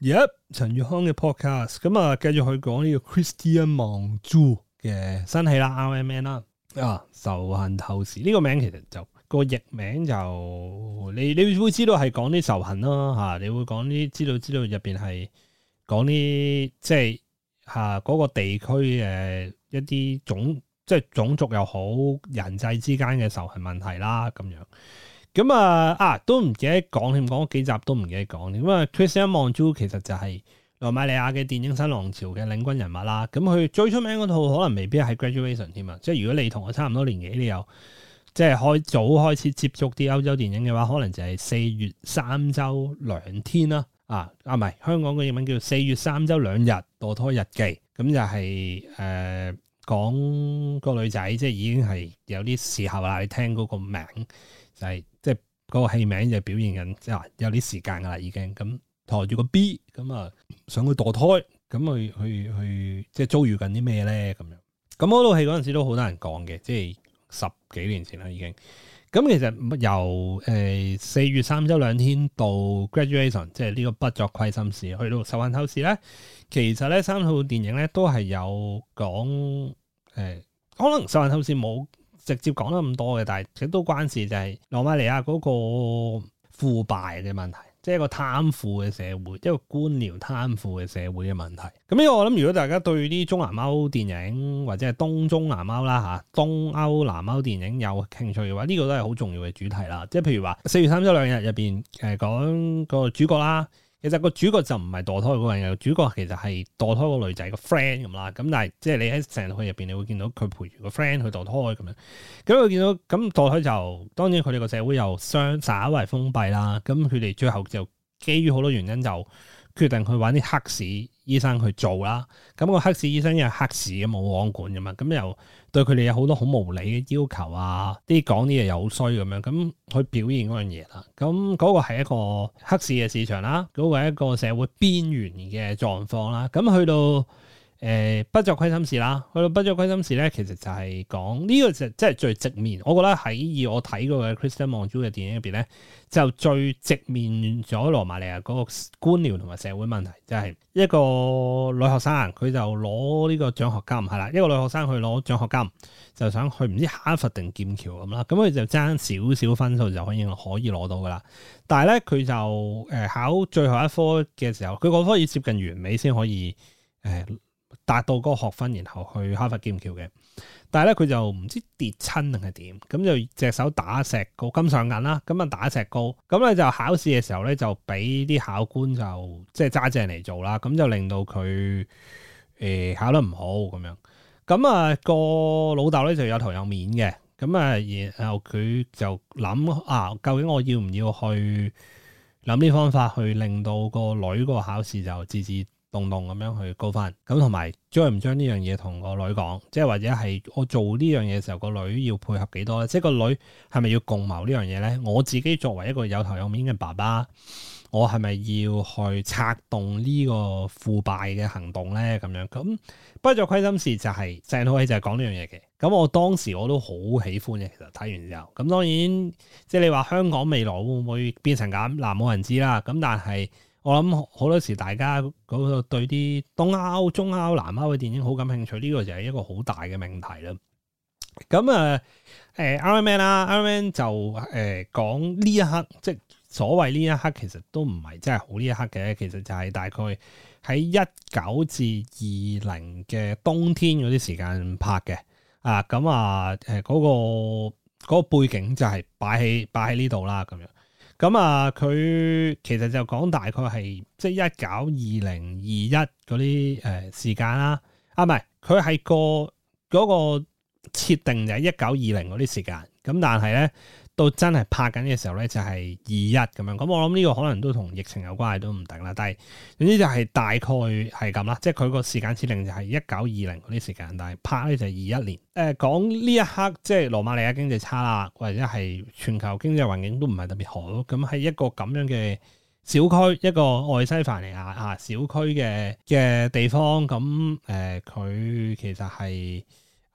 Yep，陳宇康嘅 podcast，咁、嗯、啊，繼續去講呢個 Christian Mangoo 嘅新戲啦，R M N 啦，啦啊，仇恨透視呢、這個名其實就、這個譯名就你你會知道係講啲仇恨咯吓、啊，你會講啲知道知道入邊係講啲即係吓嗰個地區誒一啲種即係種族又好人際之間嘅仇恨問題啦咁樣。咁、嗯、啊啊都唔記得講添，講咗幾集都唔記得講添。咁啊，Cristian Mungiu 其實就係羅馬尼亞嘅電影新浪潮嘅領軍人物啦。咁、嗯、佢最出名嗰套可能未必係《Graduation》添啊。即係如果你同我差唔多年紀你，你又即係開早開始接觸啲歐洲電影嘅話，可能就係四月三周兩天啦。啊啊唔係，香港嘅英文叫做四月三周兩日墮胎日記。咁、嗯、就係、是、誒、呃、講個女仔，即係已經係有啲時候啦。你聽嗰個名就係、是。嗰個戲名就表現緊，即係有啲時間噶啦，已經咁、嗯、抬住個 B 咁、嗯、啊，想去墮胎，咁、嗯、去去去，即係遭遇緊啲咩咧？咁樣咁嗰套戲嗰陣時都好多人講嘅，即係十幾年前啦已經。咁、嗯、其實由誒四、呃、月三週兩天到 Graduation，即係呢個不作虧心事，去到《仇恨透視》咧，其實咧三套電影咧都係有講誒、呃，可能《仇恨透視》冇。直接講得咁多嘅，但係其實都關事就係羅馬尼亞嗰個腐敗嘅問題，即係一個貪腐嘅社會，一個官僚貪腐嘅社會嘅問題。咁呢個我諗，如果大家對啲中南歐電影或者係東中南歐啦嚇，東歐南歐電影有興趣嘅話，呢個都係好重要嘅主題啦。即係譬如話，四月三週兩日入邊誒講個主角啦。其實個主角就唔係墮胎嗰個人，主角其實係墮胎個女仔個 friend 咁啦。咁但係即係你喺成套戲入邊你會見到佢陪住個 friend 去墮胎咁樣。咁佢見到咁墮胎就，當然佢哋個社會又相稍為封閉啦。咁佢哋最後就基於好多原因就。決定去搵啲黑市醫生去做啦，咁、嗰個黑市醫生因為黑市嘅冇網管㗎嘛，咁又對佢哋有好多好無理嘅要求啊，啲講啲嘢又好衰咁樣，咁去表現嗰樣嘢啦，咁、那、嗰個係一個黑市嘅市場啦，嗰、嗰個係一個社會邊緣嘅狀況啦，咁去到。誒、呃、不做虧心事啦，去到不做虧心事咧，其實就係講呢個就即係最直面。我覺得喺以我睇過嘅《Cristian Mungiu》嘅電影入邊咧，就最直面咗羅馬尼亞嗰個官僚同埋社會問題，就係、是、一個女學生，佢就攞呢個獎學金係啦，一個女學生去攞獎學金，就想去唔知哈佛定劍橋咁啦，咁佢就爭少少分數就可以可以攞到噶啦。但係咧，佢就誒考最後一科嘅時候，佢嗰科要接近完美先可以誒。呃達到嗰個學分，然後去哈佛劍橋嘅。但係咧，佢就唔知跌親定係點，咁就隻手打石膏金上銀啦。咁啊打石膏，咁咧就考試嘅時候咧就俾啲考官就即係揸正嚟做啦。咁就令到佢誒、欸、考得唔好咁樣。咁、那、啊個老豆咧就有頭有面嘅。咁啊然後佢就諗啊，究竟我要唔要去諗啲方法去令到個女個考試就自自。動動咁樣去高翻，咁同埋將唔將呢樣嘢同個女講，即係或者係我做呢樣嘢嘅時候，個女要配合幾多咧？即係個女係咪要共謀呢樣嘢咧？我自己作為一個有頭有面嘅爸爸，我係咪要去策動呢個腐敗嘅行動咧？咁樣咁，不作虧心事就係鄭浩熙就係講呢樣嘢嘅。咁我當時我都好喜歡嘅，其實睇完之後，咁當然即係你話香港未來會唔會變成咁，嗱冇人知啦。咁但係。我諗好多時，大家嗰對啲東歐、中歐、南歐嘅電影好感興趣，呢、這個就係一個好大嘅命題啦。咁、呃、啊，誒，Iron Man 啦，Iron Man 就誒講呢一刻，即係所謂呢一刻，其實都唔係真係好呢一刻嘅，其實就係大概喺一九至二零嘅冬天嗰啲時間拍嘅。啊，咁啊，誒、呃，嗰、那個、那個背景就係擺喺擺喺呢度啦，咁樣。咁啊，佢、嗯、其實就講大概係即係一九二零二一嗰啲誒時間啦，啊，唔係，佢係個嗰、嗰個設定就係一九二零嗰啲時間，咁但係咧。到真係拍緊嘅時候咧，就係二一咁樣。咁我諗呢個可能都同疫情有關係，都唔定啦。但係總之就係大概係咁啦。即係佢個時間設定就係一九二零嗰啲時間，但係拍咧就係二一年。誒、呃、講呢一刻，即係羅馬尼亞經濟差啦，或者係全球經濟環境都唔係特別好。咁、嗯、喺一個咁樣嘅小區，一個外西凡尼亞啊小區嘅嘅地方，咁誒佢其實係。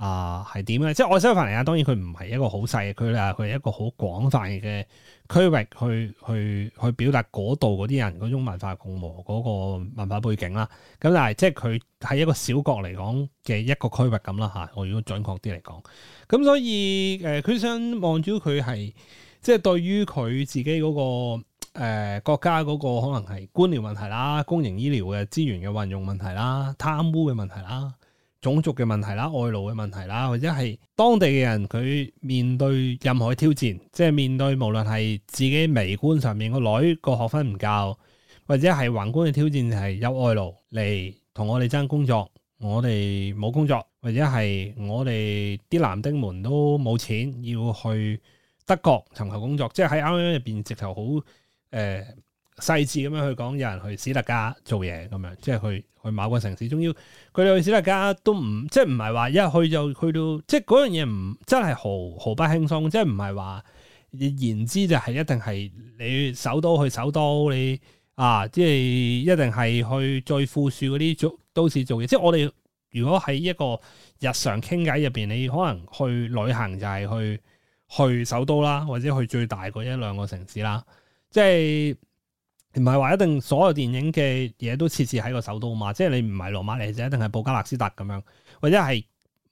啊，係點咧？即係外西凡尼亞當然佢唔係一個好細嘅區啦，佢係一個好廣泛嘅區域去去去表達嗰度嗰啲人嗰種文化共和嗰個文化背景啦。咁但係即係佢係一個小國嚟講嘅一個區域咁啦吓，我如果準確啲嚟講，咁所以誒，佢、呃、想望住佢係即係對於佢自己嗰、那個誒、呃、國家嗰個可能係官僚問題啦、公營醫療嘅資源嘅運用問題啦、貪污嘅問題啦。種族嘅問題啦，外勞嘅問題啦，或者係當地嘅人佢面對任何嘅挑戰，即係面對無論係自己微觀上面個女個學分唔夠，或者係宏觀嘅挑戰係有外勞嚟同我哋爭工作，我哋冇工作，或者係我哋啲男丁們都冇錢要去德國尋求工作，即係喺歐盟入邊直頭好誒。呃細緻咁樣去講，有人去史特加做嘢咁樣，即係去去某個城市中。仲要佢哋去史特加都唔，即係唔係話一去就去到，即係嗰樣嘢唔真係毫毫不輕鬆。即係唔係話言之就係一定係你首都去首都，你啊，即係一定係去最富庶嗰啲都市做嘢。即係我哋如果喺一個日常傾偈入邊，你可能去旅行就係去去首都啦，或者去最大嗰一兩個城市啦，即係。唔係話一定所有電影嘅嘢都設置喺個首都嘛，即係你唔係羅馬尼，就一定係布加勒斯特咁樣，或者係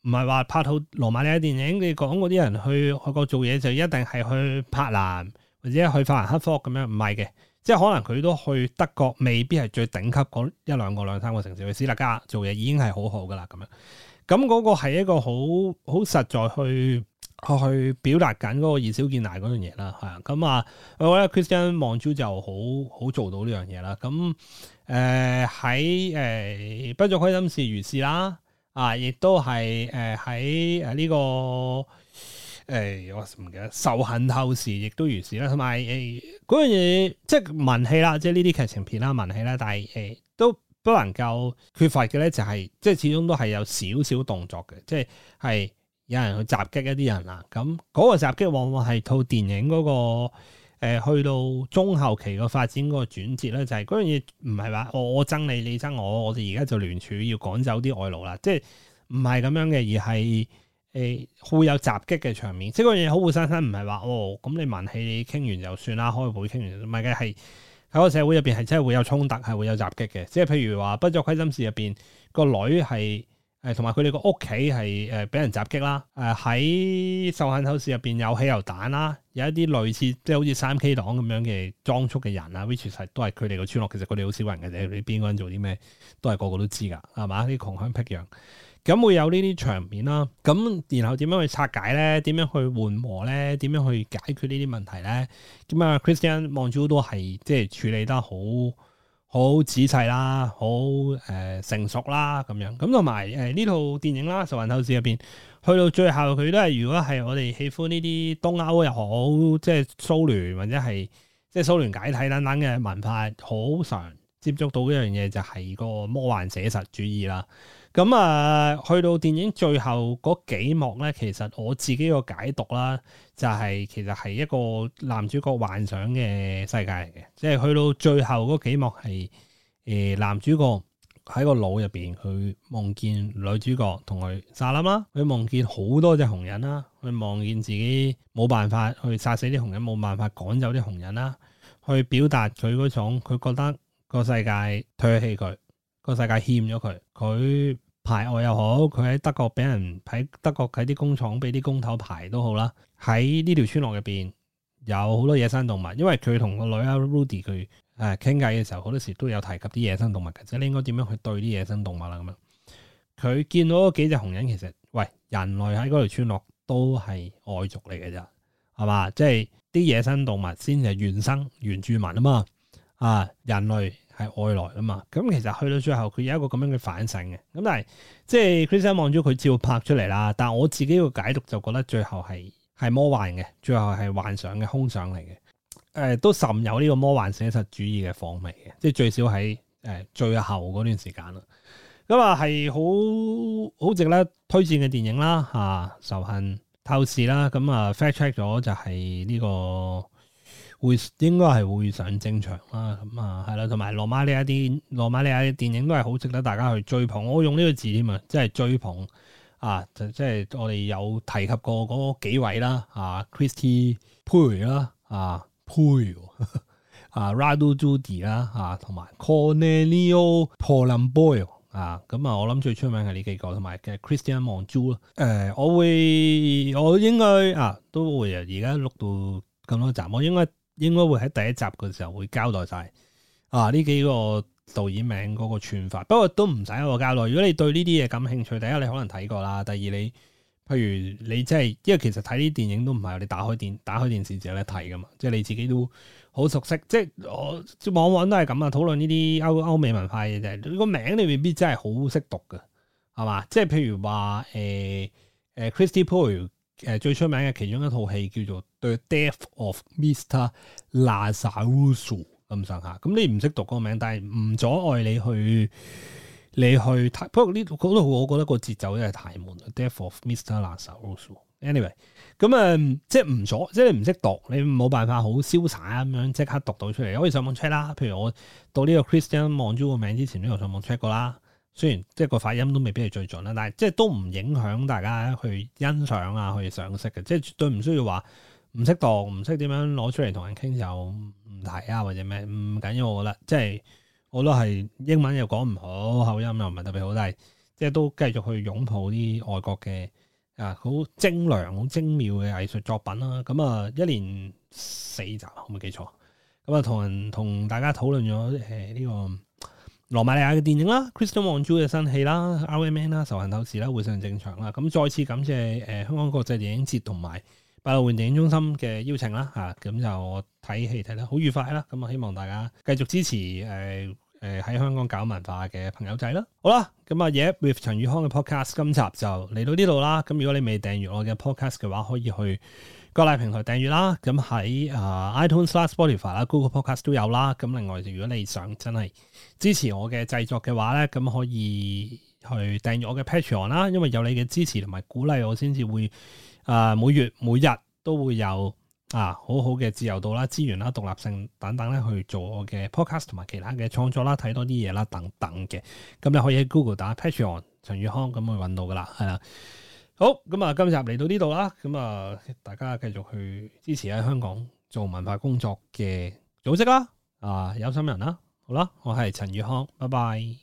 唔係話拍套羅馬尼亞電影？你講嗰啲人去去過做嘢就一定係去柏林或者去法蘭克福咁樣？唔係嘅，即係可能佢都去德國，未必係最頂級一兩個兩三個城市，去斯德加做嘢，已經係好好噶啦咁樣。咁嗰個係一個好好實在去去表達緊嗰個以小見大嗰樣嘢啦，係啊，咁、嗯、啊，我覺得 Christian Wong 就好好做到呢樣嘢啦。咁誒喺誒不作開心事，如是啦，啊，亦都係誒喺誒呢個誒、呃、我唔記得仇恨透視，亦都如是啦。同埋誒嗰樣嘢，即係文戲啦，即係呢啲劇情片啦，文戲啦，但係誒、呃、都不能夠缺乏嘅咧、就是，就係即係始終都係有少少動作嘅，即係係。有人去襲擊一啲人啦，咁嗰個襲擊往往係套電影嗰、嗰個、呃、去到中後期個發展嗰個轉折咧，就係嗰樣嘢唔係話我憎你，你憎我，我哋而家就聯署要趕走啲外勞啦，即係唔係咁樣嘅，而係誒、呃、會有襲擊嘅場面，即係嗰樣嘢好活生生，唔係話哦咁你文氣你傾完就算啦，開會傾完唔係嘅，係喺個社會入邊係真係會有衝突，係會有襲擊嘅，即係譬如話《不作虧心事面》入邊個女係。誒同埋佢哋個屋企係誒俾人襲擊啦！誒喺受限口市入邊有汽油彈啦，有一啲類似即係好似三 K 黨咁樣嘅裝束嘅人啊。which 係都係佢哋個村落，其實佢哋好少人嘅啫。你邊個人做啲咩都係個個都知㗎，係嘛？啲窮鄉僻壤，咁會有呢啲場面啦。咁然後點樣去拆解咧？點樣去緩和咧？點樣去解決呢啲問題咧？咁啊，Cristian Mungiu 都係即係處理得好。好仔細啦，好誒、呃、成熟啦，咁樣咁同埋誒呢套電影啦《仇恨透視》入邊，去到最後佢都係如果係我哋喜歡呢啲東歐又好，即係蘇聯或者係即係蘇聯解體等等嘅文化，好常接觸到一樣嘢就係個魔幻寫實主義啦。咁啊，去到電影最後嗰幾幕咧，其實我自己個解讀啦、就是，就係其實係一個男主角幻想嘅世界嚟嘅，即係去到最後嗰幾幕係誒、呃、男主角喺個腦入邊，佢夢見女主角同佢殺啦嘛，佢夢見好多隻紅人啦，佢望見自己冇辦法去殺死啲紅人，冇辦法趕走啲紅人啦，去表達佢嗰種佢覺得個世界唾棄佢，個世界欠咗佢，佢。排外又好，佢喺德國俾人喺德國喺啲工廠俾啲工頭排都好啦。喺呢條村落入邊有好多野生動物，因為佢同個女啊 Rudy 佢誒傾偈嘅時候，好多時都有提及啲野生動物嘅，即係你應該點樣去對啲野生動物啦咁樣。佢見到嗰幾隻紅人，其實喂人類喺嗰條村落都係外族嚟嘅啫，係嘛？即係啲野生動物先係原生原住民啊嘛，啊人類。係外來啊嘛，咁其實去到最後佢有一個咁樣嘅反省嘅，咁但係即係 Chris 望咗佢照拍出嚟啦，但係我自己個解讀就覺得最後係係魔幻嘅，最後係幻想嘅空想嚟嘅，誒、呃、都甚有呢個魔幻寫實主義嘅風味嘅，即係最少喺誒、呃、最後嗰段時間啦，咁啊係好好值得推薦嘅電影啦吓、啊，仇恨透視啦，咁、嗯、啊 fact check 咗就係呢、這個。會應該係會上正場啦，咁啊係啦，同埋羅馬尼亞一啲羅馬尼亞一啲電影都係好值得大家去追捧，我用呢個字添啊，即係追捧啊，即係我哋有提及過嗰幾位啦，啊 Cristi Puiu 啦，啊 Puiu，啊 Radu Jude 啦，啊同埋 Corneliu Porumboiu 啊，咁啊我諗最出名係呢幾個，同埋嘅 Cristian Mungiu 咯，誒我會我應該啊都會啊，而家錄到咁多集，我應該。應該會喺第一集嘅時候會交代晒啊呢幾個導演名嗰個串法，不過都唔使一個交代。如果你對呢啲嘢感興趣，第一你可能睇過啦，第二你譬如你真係，因為其實睇啲電影都唔係你打開電打開電視就有得睇噶嘛，即係你自己都好熟悉。即係我往往都係咁啊，討論呢啲歐歐美文化嘅啫。你個名你未必真係好識讀嘅，係嘛？即係譬如話誒誒 Christie Poy。呃呃誒，最出名嘅其中一套戲叫做《The Death of Mr. Lazarescu》咁上下，咁你唔識讀個名，但係唔阻礙你去，你去睇。不過呢，嗰度我覺得個節奏真係太悶。《The Death of Mr. Lazarescu》，Anyway，咁啊，即係唔阻，即係你唔識讀，你冇辦法好瀟灑咁樣即刻讀到出嚟。可以上網 check 啦。譬如我到呢個 Cristian Mungiu 個名之前，都有上網 check 過啦。雖然即係個發音都未必係最準啦，但係即係都唔影響大家去欣賞啊，去賞識嘅，即係絕對唔需要話唔識讀，唔識點樣攞出嚟同人傾就唔睇啊，或者咩唔緊要，我覺得即係我都係英文又講唔好，口音又唔係特別好，但係即係都繼續去擁抱啲外國嘅啊好精良、好精妙嘅藝術作品啦。咁啊，一連四集，我冇記錯，咁啊同人同大家討論咗誒呢個。羅馬尼亞嘅電影啦，Cristian Mungiu 嘅新戲啦，R M N 啦，仇恨透視啦，會上正常啦。咁再次感謝誒、呃、香港國際電影節同埋百老匯電影中心嘅邀請啦，吓、啊、咁就我睇戲睇得好愉快啦。咁啊希望大家繼續支持誒誒喺香港搞文化嘅朋友仔啦。好啦，咁啊 Yep With 陳宇康嘅 Podcast 今集就嚟到呢度啦。咁如果你未訂閱我嘅 Podcast 嘅話，可以去。各大平台訂閱啦，咁喺啊 iTunes、Spotify 啦、Google Podcast 都有啦。咁另外，如果你想真係支持我嘅製作嘅話咧，咁可以去訂閱我嘅 Patreon 啦。因為有你嘅支持同埋鼓勵，我先至會啊每月每日都會有啊好好嘅自由度啦、資源啦、獨立性等等咧去做我嘅 podcast 同埋其他嘅創作啦、睇多啲嘢啦等等嘅。咁你可以喺 Google 打 Patreon 陳宇康咁去揾到噶啦，係啦。好咁啊，今集嚟到呢度啦，咁啊，大家繼續去支持喺香港做文化工作嘅組織啦，啊，有心人啦，好啦，我係陳宇康，拜拜。